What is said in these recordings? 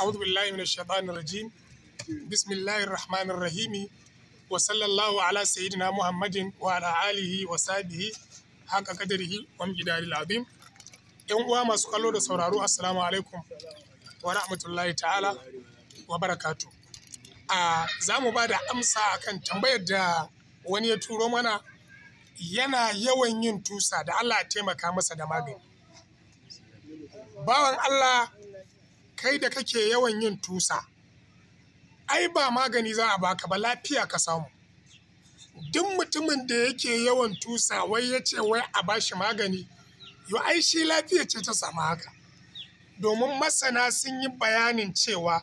أعوذ بالله من الشيطان الرجيم بسم الله الرحمن الرحيم وصلى الله على سيدنا محمد وعلى آله ‘Yan uwa masu kallo da sauraro, Assalamu alaikum wa rahmatullahi ta'ala wa barakatu. A za mu ba da amsa akan tambayar da wani ya turo mana yana yawan yin tusa da Allah taimaka masa da magani. Bawan Allah kai da kake yawan yin tusa ai ba magani za a baka ba lafiya ka samu duk mutumin da yake yawan tusa wai ya ce wai a bashi magani yo ai shi lafiya ce ta samu haka domin masana sun yi bayanin cewa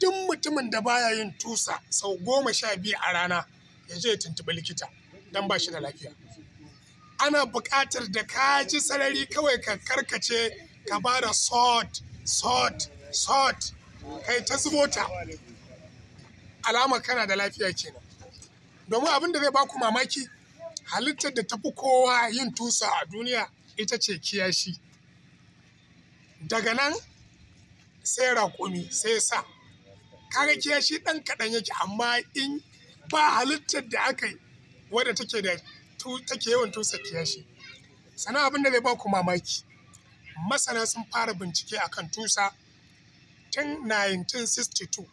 duk mutumin da baya yin tusa sau goma sha biyu a rana ya je ya tuntuɓi likita don ba shi da lafiya ana buƙatar da ka ji sarari kawai ka karkace ka ba da sort sort sort kai ta zubo ta alamar kana da lafiya kenan domin abin da zai baku mamaki halittar da tafi kowa yin tusa a duniya ita ce kiyashi daga nan sai raƙumi sai sa kaga kiyashi ɗan kaɗan yake amma in ba halittar da aka yi wadda take yawan tusa kiyashi sana abin da zai baku mamaki masana sun fara bincike a kan tusa tun 1962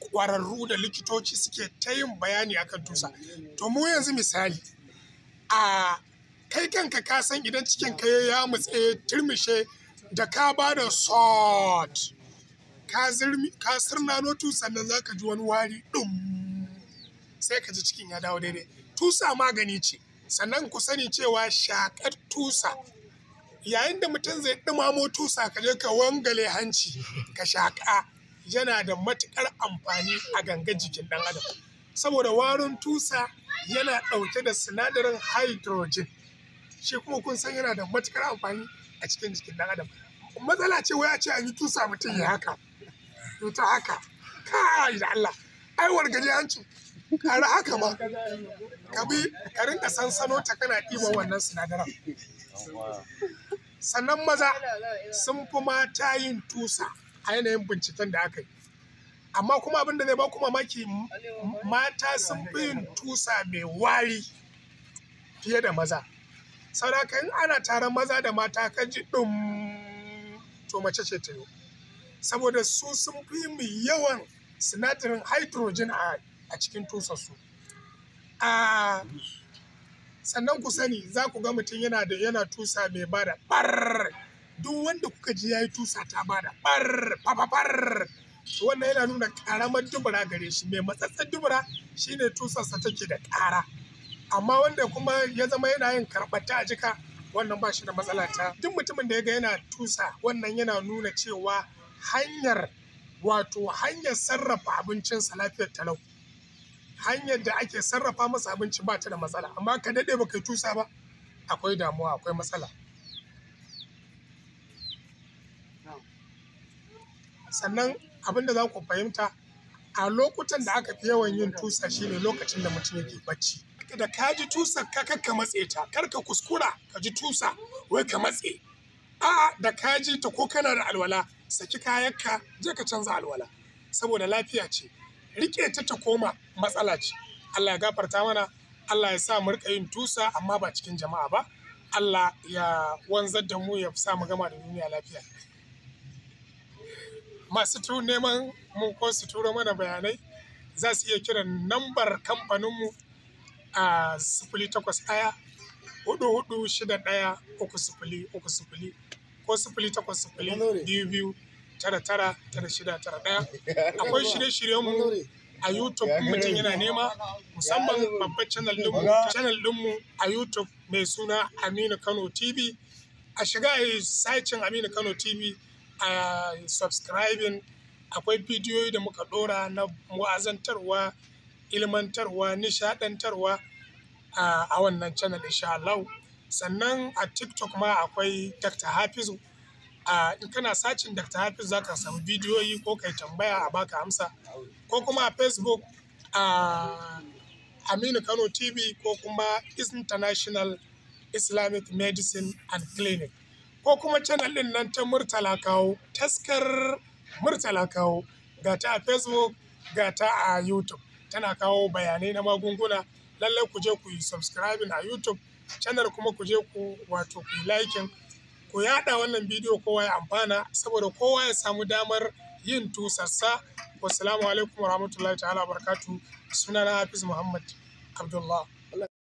ƙwararru da likitoci suke ta yin bayani a kan tusa to mu yanzu misali a kai kanka ka san idan cikin ka ya mutse turmishe da ka ba da sot ka sirnano tusa nan ka ji wani wari ɗum sai ka ji cikin ya dawo daidai tusa magani ce sannan ku sani cewa shakar tusa yayin da mutum zai ɗumamo tusa ka ka wangale hanci ka shaƙa yana da matuƙar amfani a gangan jikin ɗan adam saboda warin tusa yana ɗauke da sinadarin hydrogen shi kuma kun san yana da matuƙar amfani a cikin jikin ɗan adam matsala ce waya ce an yi tusa mutum ya haka ta haka kai da Allah ai wargaje hanci kare haka ma ka bi ka rinka sansano ta kana ɗiban wannan sinadaran sannan maza sun fi mata yin tusa a yanayin binciken da aka yi amma kuma abin da zai ba kuma maki mata sun fi yin tusa mai wari fiye da maza sauraka in ana taron maza da mata kan ji ɗum to mace ce ta yi saboda su sun fi mai yawan sinadarin hydrogen a cikin tusarsu ah, sannan ku sani za ku ga mutum yana da yana tusa mai bada bar duk wanda kuka ji ya yi tusa ta bada bar papapar wannan yana nuna karamar dubura gare shi mai matsatsar dubura shine tusarsa take da ƙara amma wanda kuma ya zama yana yin karɓata a jika wannan ba shi da matsala ta duk mutumin da ya ga yana tusa wannan yana nuna cewa hanyar wato hanyar sarrafa abincinsa lafiyar talau hanyar da ake sarrafa masa abinci ba ta da matsala amma ka daɗe ba kai tusa ba akwai damuwa akwai matsala sannan abin da za ku fahimta a lokutan da aka fi yawan yin tusa shine lokacin da mutum yake bacci da ka ji tusa ka kakka matse ta kar ka kuskura ka ji tusa wai ka matse a'a da ka ji ta ko kana da alwala saki ka je ka canza alwala saboda lafiya ce Riƙe ta ta koma matsala ce Allah ya gafarta mana Allah ya sa mu rika yin tusa amma ba cikin jama'a ba Allah ya wanzar da mu ya sa mu gama da duniya lafiya masu tu neman mu ko su turo mana bayanai za su iya kiran nambar kamfaninmu a sifili takwas ɗaya hudu hudu shida ɗaya uku sifili uku sifili ko sifili takwas sifili biyu biyu tara tara tara shida tara ɗaya akwai shirye shiryenmu a YouTube mutum yana nema musamman babban channel ɗinmu channel a YouTube mai suna Aminu Kano TV a shiga a sacin Aminu Kano TV a subscribing akwai bidiyoyi da muka ɗora na wa'azantarwa ilmantarwa nishaɗantarwa, a wannan channel insha Allah sannan a TikTok ma akwai Dr. Hafizu a in kana sacin dr hafiz za ka samu bidiyoyi ko kai tambaya a baka amsa ko kuma a facebook a aminu kano tv ko kuma international islamic medicine and clinic ko kuma channel din nan ta murtala kawo taskar murtala kawo gata a facebook gata a youtube tana kawo bayanai na magunguna lallai ku je ku yi subscribing a youtube channel kuma ku je ku wato ku yi liking ku yaɗa wannan bidiyo kowa ya amfana saboda kowa ya samu damar yin tusassa wasu alaikum rahmatullahi ta'ala barakatu na hafiz muhammad abdullah